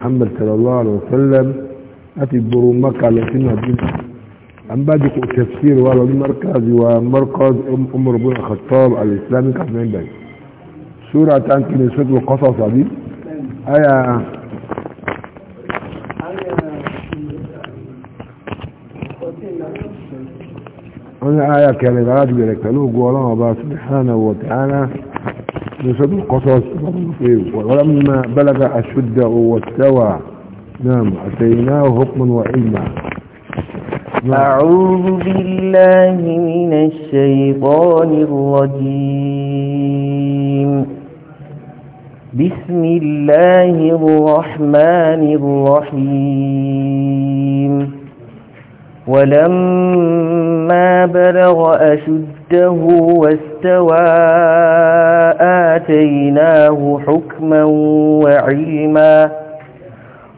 محمد صلى الله عليه وسلم أتي برو مكة لكن مدينة أم بدك تفسير ولا المركز ومركز أم أم ربنا الخطاب الإسلامي من بعد سورة أنت من سورة القصص هذه آية أنا آية كان غادي لك له الله سبحانه وتعالى يسد القصص ولما بلغ أشده واستوى نعم أتيناه حكما وعلما نعم. أعوذ بالله من الشيطان الرجيم بسم الله الرحمن الرحيم ولما بلغ أشده واستوى آتيناه حكما وعلما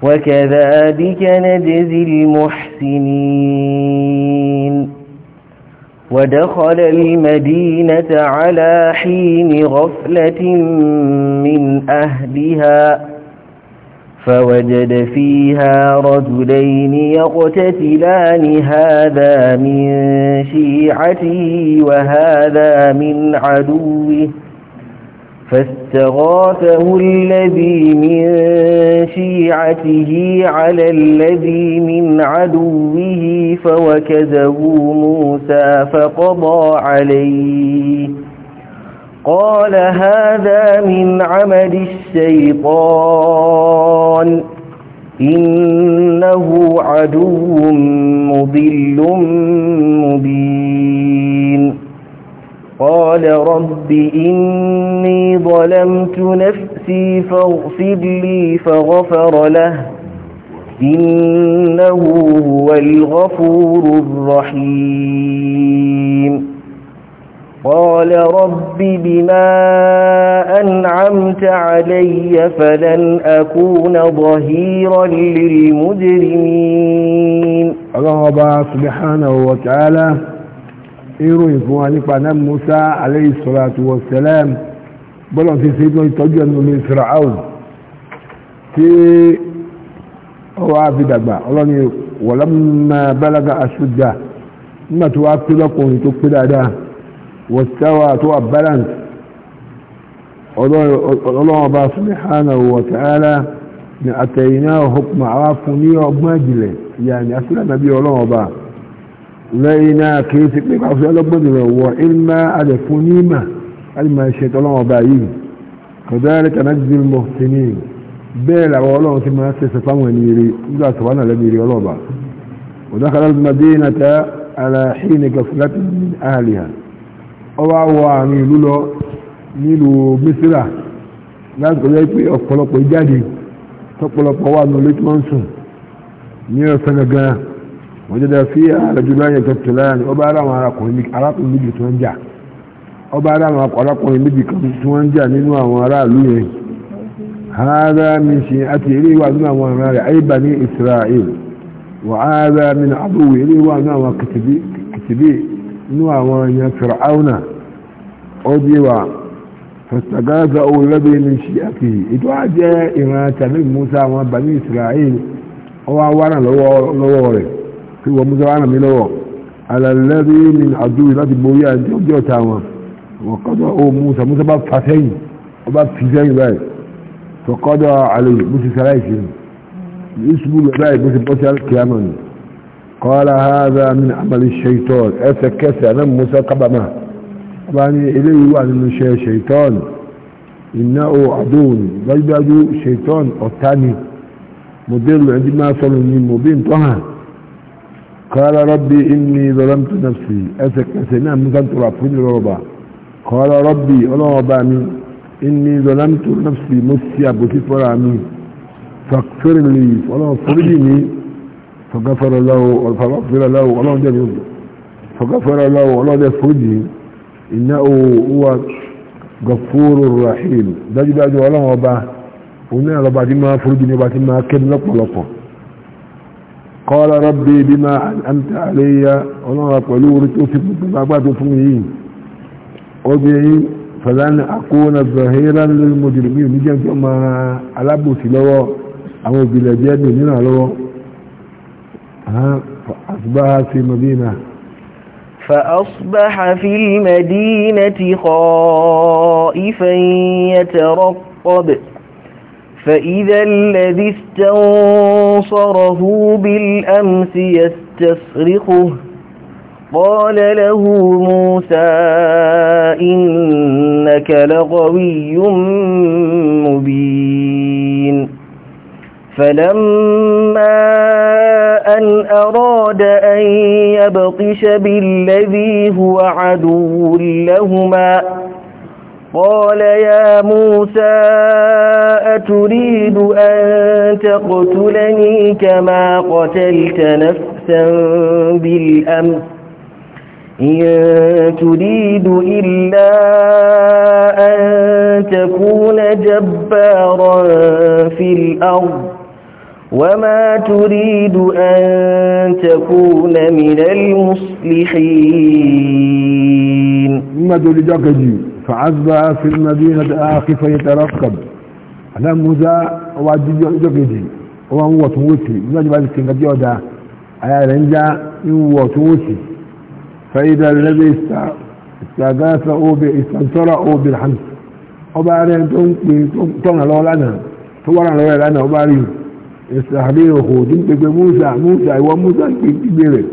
وكذلك نجزي المحسنين ودخل المدينة على حين غفلة من أهلها فوجد فيها رجلين يقتتلان هذا من شيعته وهذا من عدوه فاستغاثه الذي من شيعته على الذي من عدوه فوكزه موسى فقضى عليه قال هذا من عمل الشيطان إنه عدو مضل مبين قال رب إني ظلمت نفسي فاغفر لي فغفر له إنه هو الغفور الرحيم قال رب بما أنعمت علي فلن أكون ظهيرا للمجرمين الله سبحانه وتعالى إيروي فواني فانا موسى عليه الصلاة والسلام بل في سيدنا يتجن من فرعون في هو عبد الله ولما بلغ أشده ما توقف لكم تقفل أداه واستوى تو بلانس الله با سبحانه وتعالى اتيناه حكم نيو ومجله يعني اسلم نبي الله با لينا كيف بيقع في الله وإلما على فنيمة علما الشيطان الله بايين كذلك نجزي المحسنين بيلا والله كما سيسفان ونيري إذا سوانا لبيري الله با ودخل المدينة على حين قفلة من أهلها ọwọ́ àwọ̀ àrin ìlú lọ nílùú mísírà láti kọjá pé ọ̀pọ̀lọpọ̀ ìjáde tọ́pọ̀lọpọ̀ wà ní olóòtú wọn sùn ní ọ̀sán gangan wọ́n jẹ́ fi àrẹ̀jù láyé ọba ara arákùnrin tí wọ́n jà ọba ara arákùnrin méjì kan tí wọ́n jà nínú àwọn aráàlú yẹn hádá mi ṣe àti eré wà nínú àwọn rẹ̀ ní Israel wà mi àbúwò eré wà nínú àwọn inú àwọn èèyàn fìràáúnà ó dí wa fàtàgáza ohun lẹ́bẹ̀ẹ́ ní ṣíyàkì ètò àjẹ́ ìran tàbí musa àwọn bani israel ó wá wárà lọ́wọ́ rẹ̀ kí wọ́n musa wárà mi lọ́wọ́ alàlẹ́bẹ̀ẹ́ ní àdúrà láti borí àjọ ọjọ́ ta wọn wọ́n kọ́dọ̀ ohun musa musa bá fà sẹ́yìn ó bá fi sẹ́yìn báyìí fọ́kọ́dọ̀ àlè musa sáláìsì yusuf báyìí musa bọ́sẹ̀ kíámọ̀ ni قال هذا من عمل الشيطان اتكسى أنا موسى قبما يعني إليه وأن شيء شيطان إنه عدون بل بيدادو شيطان أتاني مدل صلوا من مبين طه قال ربي إني ظلمت نفسي اتكسى أنا نعم موسى ترافوني لربا قال ربي أنا ربامي إني ظلمت نفسي مسيا بكفرامي فاغفر لي فأنا فرجني فغفر له فغفر له ولو ده يوم فغفر له ولو ده فوجي إنه هو غفور رحيم ده جدا جو الله وبا ونال الله بعد ما فرجني بعد ما كن لك ولك قال ربي بما أنعمت علي الله قالوا رتوسف بما بعد فمي أبي فلن أكون ظهيرا للمجرمين نجي ما على بوسي لو أو بلادي نينا لو فأصبح في مدينة فأصبح في المدينة خائفا يترقب فإذا الذي استنصره بالأمس يستصرخه قال له موسى إنك لغوي مبين فلما أن أراد أن يبطش بالذي هو عدو لهما قال يا موسى أتريد أن تقتلني كما قتلت نفسا بالأمس إن تريد إلا أن تكون جبارا في الأرض وما تريد أن تكون من المصلحين تريد لجاكجي فعزبها في المدينة آخف يترقب هذا موزا وجاكجي وهو توتي يجب أن تنقضي جودا على رنجا هو توتي فإذا الذي استغاثوا استنصروا بالحمد وبعدين تنقل تنقل تورا فورا لنا وبعدين ìsàlẹ̀ òhòdì pẹ̀pẹ̀ musa musa ìwọ musa gbígbé rẹ̀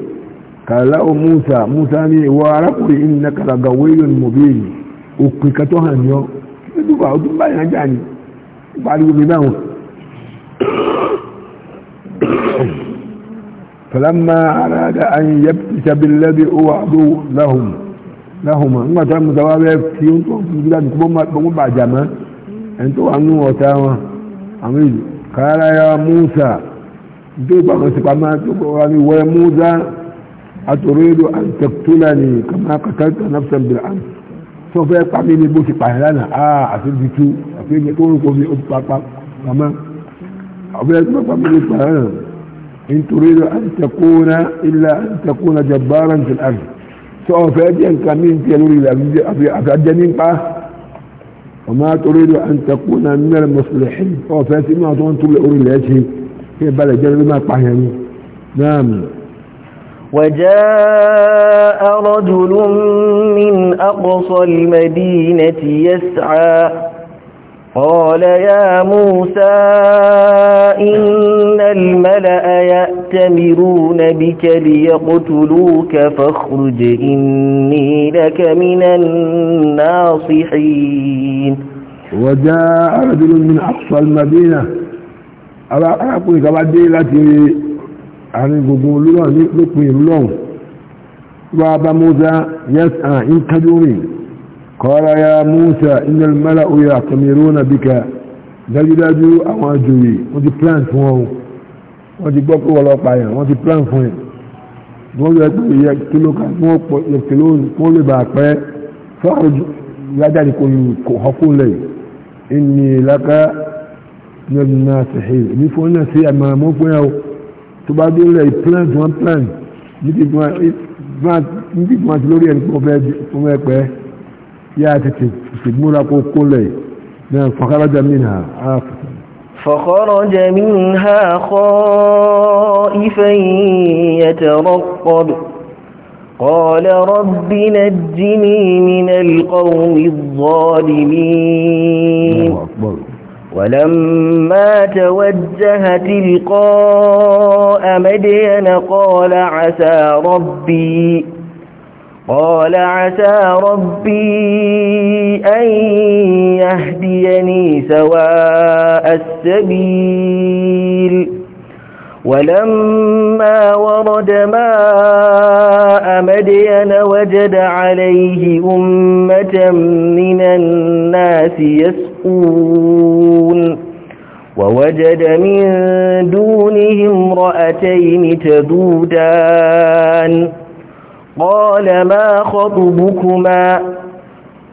kàlá o musa musa ní ìwọ arákùnrin ìnìyàn kàlàgà wẹ́yọ̀n mọ̀bíyìn òpin kẹtọ́ hàn yọ kí ló bá ọdún báyìí ajá ni pariwo mi báwọn. فلما أراد أن يبتش بالذي هو عدو لهم láhùnmọ̀ nígbà tí wọ́n tàbí abẹ́ fi ń tó ń fi gíga nìkú ẹni tó wà nínú ọ̀tá wọn àwọn èdè قال يا موسى دوبا مسبما تقولني ويا موسى أتريد أن تقتلني كما قتلت نفسا بالأمس سوف يقع مني بوسي قهلانا آه أفيد تو اصير يقول قومي أبطاقا كما أفيد يقع مني قهلانا إن تريد أن تكون إلا أن تكون جبارا في الأرض سوف يجي أن كان مين في كمين تيلوري اصير أجنين قه وما تريد أن تكون من المصلحين أو فاتي ما أظن تقول أولي لأجهي هي بلا جلب ما طحيني نعم وجاء رجل من أقصى المدينة يسعى قال يا موسى إن الملأ يأتمرون بك ليقتلوك فاخرج إني لك من الناصحين وجاء رجل من أقصى المدينة أقول كبدي التي أعرف قول الله نقوم لهم وابا موسى يسعى إن تدوني قال يا موسى إن الملأ يعتمرون بك dájúdájú àwọn àjòyè wọ́n ti plan fún wọn wọ́n ti gbọ́ pé wọ́n lọ pààyàn wọ́n ti plan fún ẹ̀ wọ́n yẹ pé ìyẹ kìló kan wọ́n pọ̀ yẹ kìló wọ́n lè bà pẹ́ fọ́ọ̀rọ̀ lájáde kò ní kò họ́kúnlẹ̀ ìní ìlàkà yọ̀nà sẹ̀hìn ní fún náà sí àmà mọ́ pé ẹ̀ tó bá dé lẹ̀ plan one plan níbi tí wọ́n ti lórí ẹ̀ ní pọ̀ fẹ́ pẹ́ يا تتبون قول فخرج منها عاقبا فخرج منها خائفا يترقب قال رب نجني من القوم الظالمين ولما توجه تلقاء مدين قال عسى ربي قال عسى ربي أن يهديني سواء السبيل ولما ورد ماء مدين وجد عليه أمة من الناس يسقون ووجد من دونهم رأتين تذودان قال ما خطبكما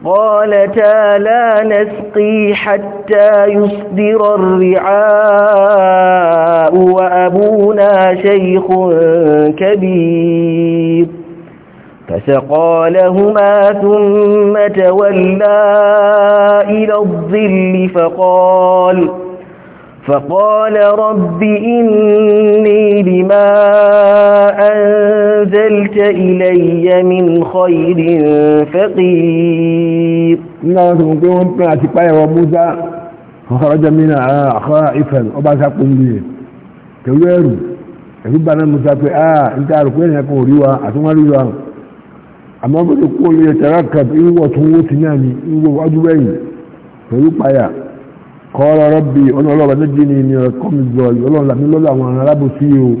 قالتا لا نسقي حتى يصدر الرعاء وأبونا شيخ كبير فسقى لهما ثم تولى إلى الظل فقال فقال رب إني لما أنزلت إلي من خير فقير الله سبحانه وتعالى أتقايا وموسى فخرج منها خائفا وبعث قنبيه كويرو ẹ̀rú bá náà musa pé àà ń tààrù pé ẹ̀yà kan òríwá àtúnwáríwá àmọ́ bó ti kó olóyè tẹ̀rá kàbí ìwọ̀ tún wó ti náà ni ìwọ̀ wájú wẹ̀yìn pẹ̀lú payà قال ربي أنا لو بنجني من القوم الظالمين الله لا من الله وأنا لا بسيو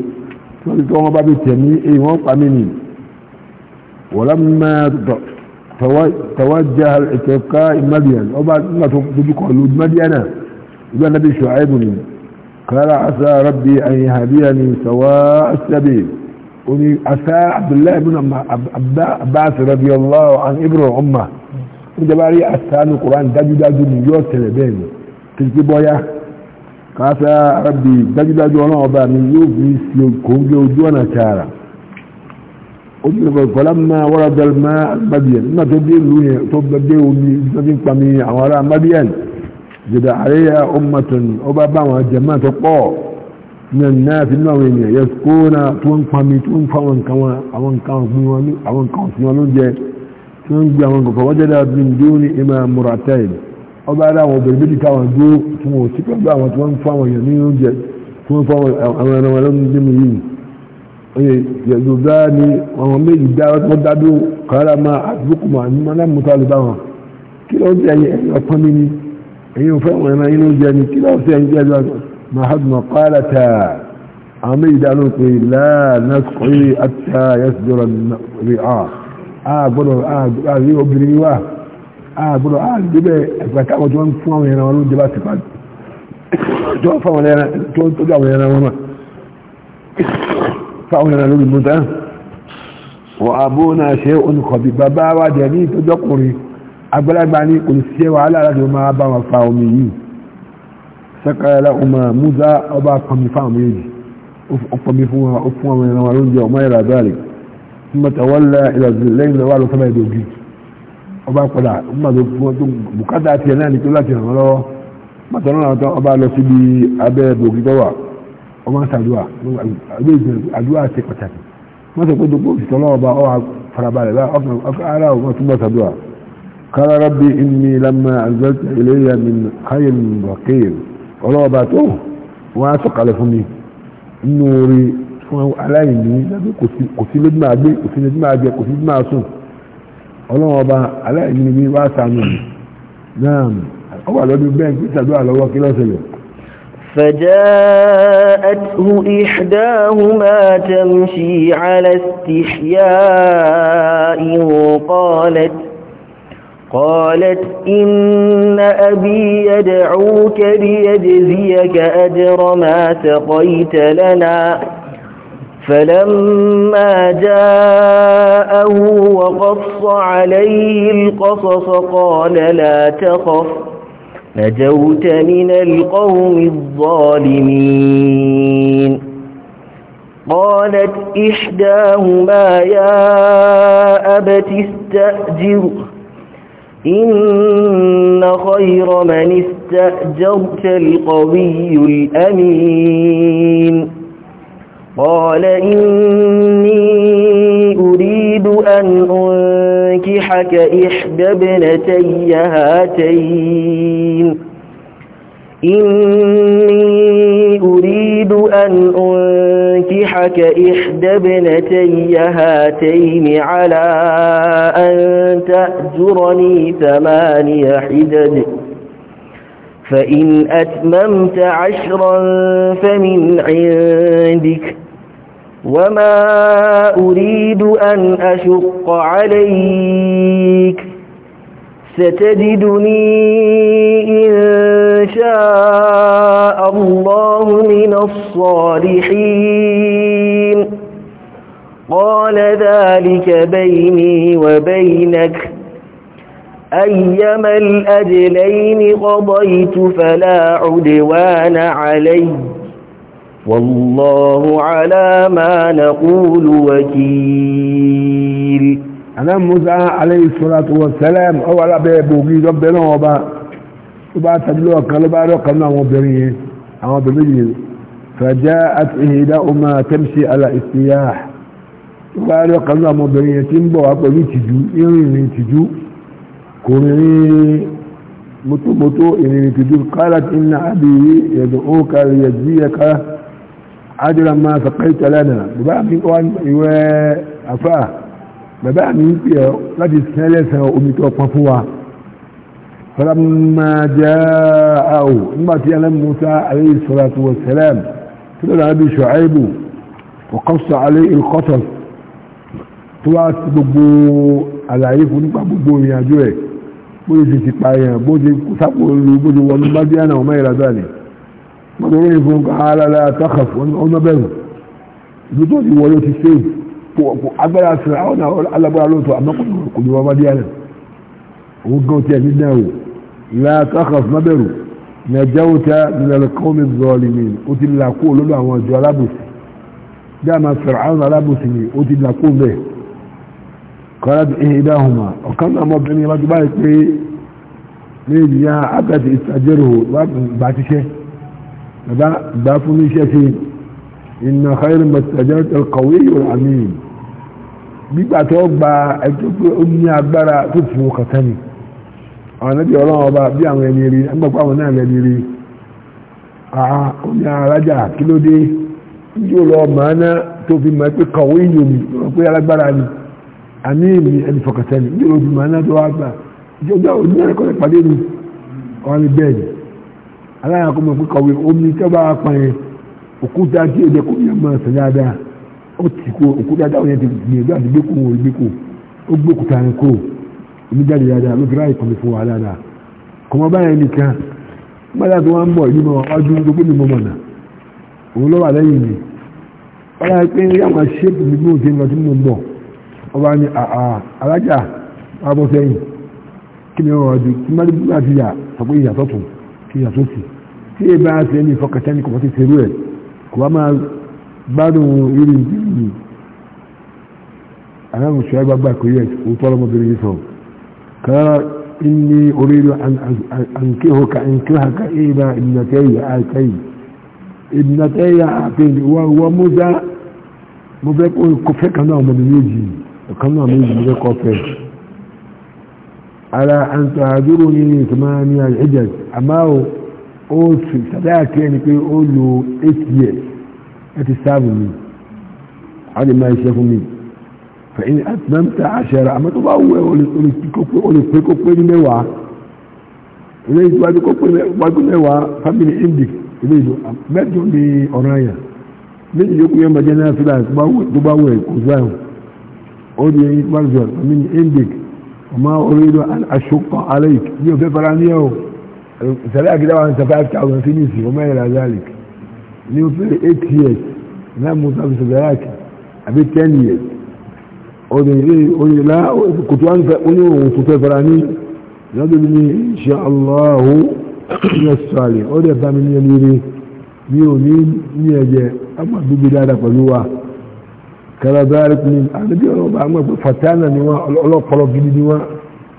فلتوما بابي تمي إيه وقع مني ولما توجه الاتقاء مدين وبعد ما تبقى لود مدينة يقول النبي شعيب قال عسى ربي أن يهديني سواء السبيل وني عسى عبد الله بن عباس رضي الله عن إبر أمه وجبالي عسى القرآن دجو دجو من يوسف بينه kìí bọ́yá káfẹ́ arábì dájúdájú ọlọ́run ọba mi yóò fi sí kòóngé ojú ọ̀nà tààrà ojú ìrọ̀kọ̀ ìkọ̀lá máa wọ́ra bẹ̀rẹ̀ máa madian nígbà tó dé ìlú yẹn tó dé omi tó fi ń pa mi àwọn ará madian jẹ̀dà àríyá ọmọtún ọba bá àwọn jẹ̀mọ́ tó pọ̀ náà náà fi náà wọ̀nyí yẹ kóna tó ń pa àwọn nǹkan wọn ọba ara àwọn obìnrin méjì káwọn dúró fún wọn sí pẹ̀lú àwọn tí wọ́n ń fún àwọn èèyàn ní oúnjẹ tí wọ́n ń fún àwọn ẹran wọn lọ́nà nínú yìí oye yẹ̀dù dá ni àwọn méjì dá wọ́n dá dúró kàrà máa àdúgbò máa ní máa mú tálù bá wọn kí ló ń tẹ ẹyin ẹyin ọpọ́n mi ni ẹyin ò fẹ́ wọn ẹran yín oúnjẹ ni kí ló ń tẹ ẹyin jẹ́ ẹjọ́ mahadum kọ́lá ta àwọn méjì dá lóun pé láà náà kọ́ àbúrò àdébẹ̀ ẹ̀fẹ̀ táwọn tó ń fún àwọn ẹran wọn ló ń jẹba sí pàdé tó ń fáwọn ẹran tó ń tọ́jú àwọn ẹran wọn mà fáwọn ẹran lórí mú tán wọ́n abó náà ṣe olùkọ̀bí bàbá wa jẹ́ ní ìtọ́jọ́kùnrin agbálagbá ní kò sí wàhálà láti máa bá wọn fa omi yìí sakayala umar musa ọba pàmì fáwọn méjì ọpọmi fún wọn ọpọmi ẹran wọn ló ọmọ ìrà ọba padà mọ́tò bùkátà tiẹ̀ náà ní pé láti ràn án lọ́wọ́ mọ́tò náà tán ọba lọ síbi abẹ́ bòkì tó wà ọba ń sàdúà àgbẹ̀ ìgbìmọ̀ àdúà ṣe pàtàkì mọ́tò pé dòkó òṣìṣẹ́ ọlọ́wọ́ bá ọwà farabalẹ̀ bá ara ọmọ túnbọ̀ sàdúà kára rabbi inni lamma anzalta ilayya min khayrin raqib ọlọ́wọ́ bá tó wọ́n á sọ̀kalẹ̀ fún mi nínú orí fún aláìní lábẹ́ kò sí lójú máa gbé kò sí lójú máa ọlọ́wọ́ ọba aláìjìnbí wá sàánú mi náà ó wà lọ́dún bẹ́ẹ̀ kí sàdúrà lọ́wọ́ فجاءته إحداهما تمشي على استحياء قالت قالت إن أبي يدعوك ليجزيك أجر ما سقيت لنا فلما جاءه وقص عليه القصص قال لا تخف نجوت من القوم الظالمين قالت إحداهما يا أبت استأجره إن خير من استأجرت القوي الأمين قال إني أريد أن أنكحك إحدى ابنتي هاتين إني أريد أن أنكحك إحدى ابنتي هاتين على أن تأجرني ثماني حدد فإن أتممت عشرا فمن عندك وما أريد أن أشق عليك ستجدني إن شاء الله من الصالحين قال ذلك بيني وبينك أيما الأجلين قضيت فلا عدوان عليّ والله على ما نقول وكيل أنا موسى عليه الصلاة والسلام أو على بيبوغي ربنا وبا وبا تدلوه كان لبا رقمنا وبريه أما بمجلس فجاءت إهداؤما تمشي على استياح وبا رقمنا وبريه تنبو أبوي تجو إيرين تجو كوري متو متو إيرين تجو قالت إن أبي يدعوك ليجزيك ajira ma sọ̀kẹ́tẹ̀ lẹ́nà bàbá mi wá ìwẹ́ àfà bàbá mi ń pè ọ́ láti sẹ́lẹ̀sẹ̀ omi tó pọn fún wa fọlámájá àwò nígbà tí alẹ́ musa alayhi salatu wa salam tí lọ́dọ̀ alábi ṣọ̀áìbù ọ̀kọ́sọ̀ alẹ́ ìkọ́sọ̀ tó wá sí gbogbo àlàyé fún nípa gbogbo ìrìn àjò ẹ̀ bó ti ti pààyàn bó ti sápò olú bó ti wọnú bá díẹ̀ náà ọmọ wọ́n tó lórí fún ààrẹ aláàtàkàf wọn ọmọ bẹ̀rù ìlú tó ti wọlé ti ṣe pọ̀ agbára sira ọ̀nà alágbára lóòótọ́ àmọ́ kò ní wọ́n bá díẹ̀ rẹ̀ òun gan tiẹ̀ ní náà wò láàtàkàf má bẹ̀rù nàìjáwóta nílẹ̀kọ́ mi zọ́ọ̀lì mi ó ti là kó lọ́dọ̀ àwọn ìjọ alábòsí bí a máa sọ̀rọ̀ àwọn alábòsí mi ó ti là kó bẹ́ẹ̀ kọ́lájú ìhìdá ọmọ ọ̀kan náà mọ́bìnrin bá ti báyìí pé ní ìdíyà àgbàtì ìtàjẹ́rò bá ti bàbá bá fún ní iṣẹ́ sí iná khairu mọ̀tàjọ́ kọ̀wé yóò àmì gbígbà tó gba ẹjọ́ pé ó ní agbára tó fi wọ́n kàtá ni àwọn ẹbí ọlọ́run ọba bí àwọn ẹni rí agbọ̀pọ̀ àwọn náà lẹ́ni rí àá ó ní arájà kí ló dé yóò lọ màá ná tó fi mọ̀ pé kọ̀wé yóò mi rọ pé alágbára ni àmì mi ẹni fọkàtà ni yóò lọ fi màá tó wá gbà ìjọba òní ẹ̀kọ́ ìpàdé mi ọ̀rẹ́ bẹ́ẹ̀ ni aláya kó mọ̀ pé kọ̀wé omi tó bá pa yẹn òkúta tí èdè kò yẹn mọ̀ ṣe dáadáa ó ti kó òkúta táwọn yẹn ti gbìyànjú àti gbé kó wọn ò gbé kó ó gbé òkúta yẹn kó omi jáde dáadáa ló fi ráàyè kọ̀wé fún wa dáadáa kọ̀mọ́ báyẹn nìkan gbọ́dọ̀ tó wá ń bọ̀ yìí mọ̀ ọdún gbogbo mi mọ̀ mọ̀nà òun lọ́wọ́ lẹ́yìn mi wọ́n yà pé yàwọn ṣéèpù mi bí òde lọ tí mo ń bọ̀ ọba tí ẹ bá ṣe ní fọkàtà ní kọfà tí ṣerú ẹ̀ kò wá máa gbádùn irú ìdílé aláwọ̀ ṣe agbágbà kò yẹ kó tọ́ lọ́mọbìnrin yìí sọ ká inni orílẹ̀ àǹkéhò ka àǹkéhà ka ìbá ìdínàtẹ́yà àìkáyì ìdínàtẹ́yà àpẹẹrẹ wọ́n mú dá mo fẹ́ kó fẹ́ kan náà ọmọdé méjì kan náà méjì mo fẹ́ kọ́ fẹ́ ara àǹtọ̀ àdúró ní ìtumá ní àìjẹ̀ àmáwò ó sùn sàdáyà kí ẹni pé ó lo eight years ẹ ti sáàbù mi a lè máa ṣe fún mi fẹ̀yìn àtìmẹ́ta àṣẹra àmọ́ tó bá wù ẹ́ o lè pé kó pé ní mẹ́wàá ilé ìwádìí kó pé mẹ́wàá family indic ilé ìjọ mẹ́jọ ní ọ̀rọ̀ àyà méjì yóò kú yẹn bàjẹ́ náà fílà tó bá wù ẹ́ kò sáàbù ó di ìwádìí family indic ọmọ orílẹ̀ àṣọkọ̀ alẹ́ yìí ní ọ̀fẹ́ fara ní ẹ̀ o ìsàlẹ̀ àgídá wa ń sọ five thousand sí nìsí ọmọ ẹ̀rọ azalik ní o fẹ́rẹ̀ eight years náà mo sábà sọ̀rọ̀ àkì àbí ten years ọ̀dọ̀ ilé onílá kòtò wọn fẹ́ oníwòwò tó fẹ́ fara ní lọ́dún ní insha Allahu ní ọ̀sọ̀rọ̀ ọ̀dọ̀ ẹ̀fà mi ní ẹni rí mi ò ní ní ẹ̀jẹ̀ ọmọ gbígbé dáadáa pẹ̀lú wa kẹlẹ́ bá rí pé àdébí ọlọ́ba àwọn ẹ̀fọ́ fatana ni wọn ọlọ́pọlọ gidi ni wọn.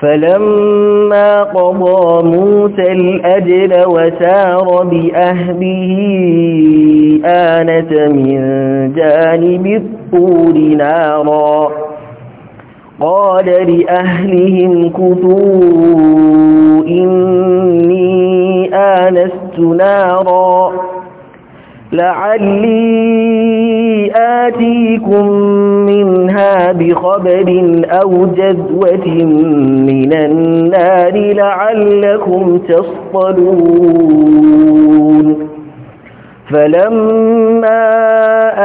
فلما قضى موسى الأجل وسار بأهله آنة من جانب الطور نارا قال لأهلهم كتوا إني آنست نارا لعلي آتيكم بخبر أو جذوة من النار لعلكم تصطلون فلما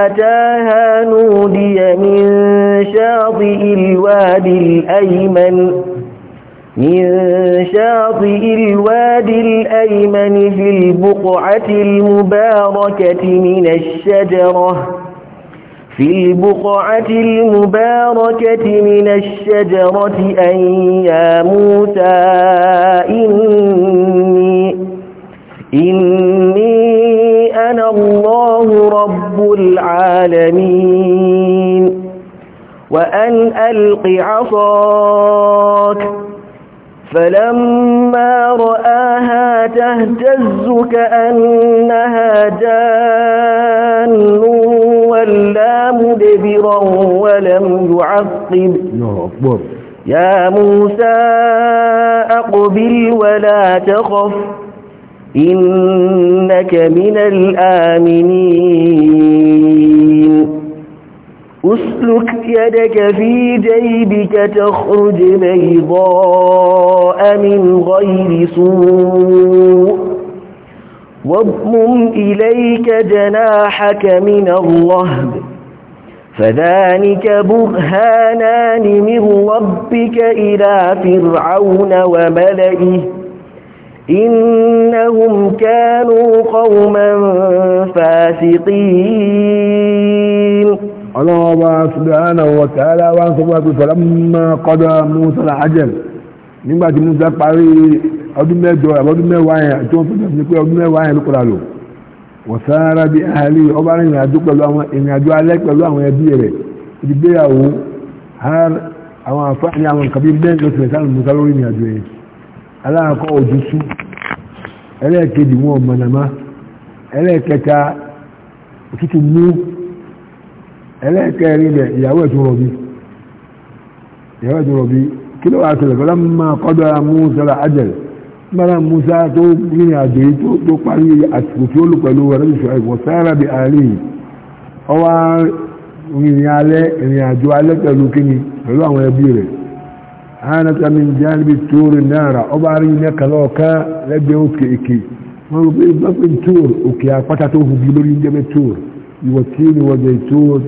أتاها نودي من شاطئ الوادي الأيمن من شاطئ الوادي الأيمن في البقعة المباركة من الشجرة في البقعة المباركة من الشجرة أن يا موسى إني, إني أنا الله رب العالمين وأن ألق عصاك فلما رآها تهتز كأنها جان ولا مدبرا ولم يعقب يا موسى أقبل ولا تخف إنك من الآمنين أسلك يدك في جيبك تخرج بيضاء من غير سوء واضمم إليك جناحك من الرهب فذلك برهانان من ربك إلى فرعون وملئه إنهم كانوا قوما فاسقين الله سبحانه وتعالى وانصبه فلما قضى موسى العجل nígbàtí musa parí ọdún mẹ́jọ ọdún mẹ́wàá yẹn tí wọ́n tọ́jú ní pé ọdún mẹ́wàá yẹn ló lò wọ́n sára bí ahàlì ọba rìn àjò pẹ̀lú àwọn ìrìn alẹ́ pẹ̀lú àwọn ẹbí rẹ̀ ìdígbéyàwó àwọn àfáàní àwọn nǹkan bíi bẹ́ẹ̀ lọ́sẹ̀ sáà musa lórí ìrìn yẹn aláàkọ́ ojú sú ẹlẹ́ẹ̀kejì ẹlẹ́ẹ̀kẹ́rin rẹ̀ ìyàwó ẹ̀tún rọ̀bí ìyàwó ẹ̀tún rọ̀bí kí ló wà tẹ̀lẹ̀ fọ́lá ma kọ́dọ̀ amúsára ajẹ̀lẹ̀ mara musa tó rìn àjò yìí tó parí àsìkò tí ó lò pẹ̀lú ẹ̀rẹ́sùsù ẹ̀kọ́ sára bí àárín yìí ọwá rìnrìn alẹ́ ìrìn àjò alẹ́ pẹ̀lú kíni pẹ̀lú àwọn ẹbí rẹ̀ hánàtà mi jáàbí tóórì náírà ọba rí mẹ́ka lọ́ọ̀ká lẹ́gbẹ̀ẹ́ òkè èkè wọ́n rò pé gbọ́pẹ́ tóórì òkè àpáta tó hù bí lórí jẹ́bẹ́ tóórì ìwọ̀tí ni wọ́jẹ̀ tóórì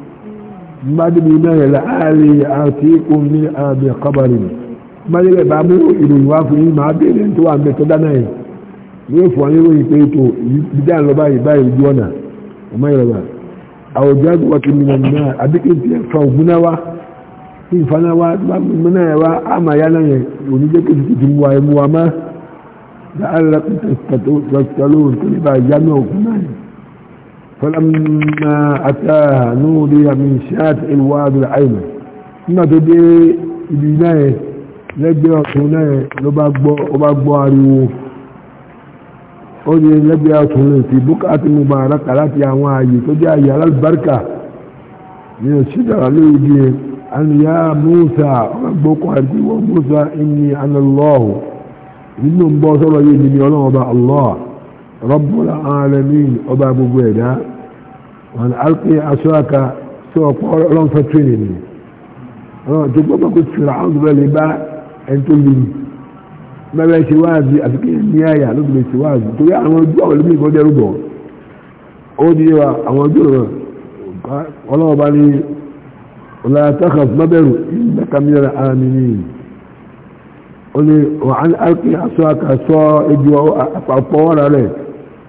gbádùn mi náà yẹ̀lá ààrẹ àti omi àbẹ̀ kọbàrì gbádùn bá mú ìròyìn wá fún yìí máa bèèrè tó wà mẹ́tọ́ dáná yìí yóò fún wọn yóò pé ètò ìdá lọ báyìí báyìí ojú ọ̀nà ọmọ ìrọ̀lá àwùjọ àgbà kí mi náà àbí kí n ti fa ògùn náà wá kí n fana wá àmà yá náà yẹn òní jẹ́ kí ti mú wa mú wa má dáhàlá pẹ̀tẹ̀lú kò فلما أتاها نودي من شاطئ الواد العيمن nígbà tó dé ibi náà lẹ́gbẹ́ ọ̀tún náà ló bá gbọ́ ariwo ó di lẹ́gbẹ́ ọ̀tún lè fi bukati mubaraka láti àwọn ààyè tó jẹ́ ààyè alábàárkà ní òṣìṣẹ́ra lórí ibi ẹ̀ àníyá Musa ọgbọ́kọ̀ àti wọ́n Musa inni anallahu nínú ń bọ́ sọ́rọ̀ yìí ni ọlọ́run ọba Allah rabbul alamin ọba gbogbo ẹ̀dá wọn alpi aṣọ aka tí wọn kọ ọlọ́run fẹ́ tírénì ni ọlọ́run tó gbọ́dọ̀ kó tìrà àwọn tó bẹ́ẹ̀ lè bá ẹni tó lè bẹ́ẹ̀ ṣe wáàzì àti kí ní àyà ló ti lè ṣe wáàzì torí àwọn ojú àwọn olómi ìbọn dẹrù bọ̀ ó di wa àwọn ojú rẹ̀ ọlọ́run bá ní ọlọ́run tó bẹ̀rù ìgbàkàmílẹ̀ ara mi nìyí oni wàhán alki aṣọ àkàṣọ ìjọ àpapọ̀ ọ̀rọ̀ rẹ̀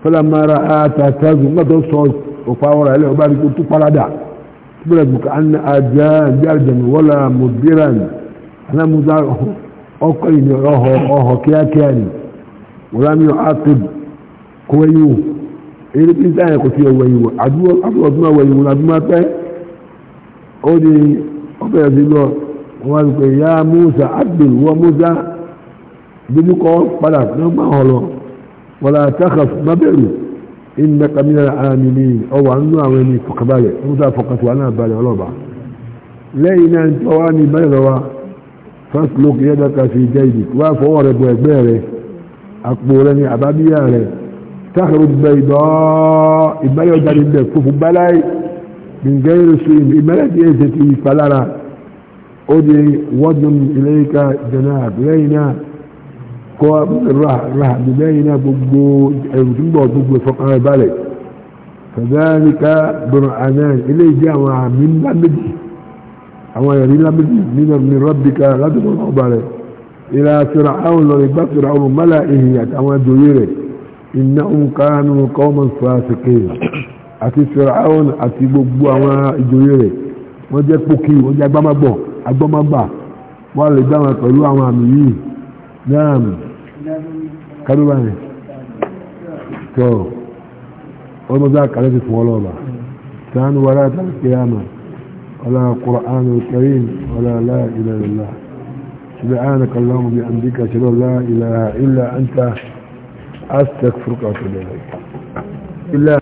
fọlá mara àtàtàgùn mọ́tò sọ́ọ̀sì òpá ọ̀rọ̀ ọba àdìgbò tó parada tó bẹ̀rẹ̀ bùkà na àjà bí àjẹmí wọ́lá mọ̀bíràn alámúdá ọkọ̀ ìní ọ̀họ̀ ọ̀họ̀ kíákíá ni wọ́lámi ọ̀hátó kó wẹ́yìn wò eré bí sáyẹn kò tiẹ̀ wẹ̀yìn wò àdúgbò ọdún wẹ̀yìn wò pẹ́ ó di ọbẹ̀ lọ ya Musa padà إنك من العاملين أو أنه أولي فقبالي وذا فقط وأنا بالي ولوبا لينا انتواني بلغوا فاسلك يدك في جيبك وفورب وإكباري أقبولني أبابياري تخرج بيضاء إبالي ودار البيت كفو بلاي من غير سوء إبالي جيزتي فلارا أدي ودن إليك جناب لينا kọ́ raha lẹ́yìn náà gbogbo ẹ̀rù tó ń bọ̀ gbogbo ìfọkànlẹ̀ balẹ̀ kàdáníkà bọ̀rọ̀ àná ilé ìjẹ́ àwọn àmì ńlá méjì àwọn ẹ̀rí ńlá méjì nínú ní rọ́bìkà látọ̀kọ̀ náà balẹ̀ ìlà sọ̀rọ̀ àwọn lọ́rẹ̀ gbà sọ̀rọ̀ àwọn mọ́lá ìhìn àtàwọn àjòyè rẹ̀ iná nkanu kọ́mọ̀ fàásìkè àti sọ̀rọ̀ àwọn àti gbogbo àwọn ìjòyè rẹ̀ wọ́n jẹ́ pókì wọ́n jẹ́ agbámagbọ̀ agbámagbà wọ́n lè dáwọn pẹ̀lú àwọn àmì yìí náà kánú bá rẹ̀ tó ọmọ bá kàlẹ́ ti fún ọlọ́ọ̀bà sánú wa láti àkíyàmà ولا قرآن الكريم ولا لا إله إلا الله سبحانك اللهم بأمدك أشهد لا إله إلا أنت أستغفرك وأتوب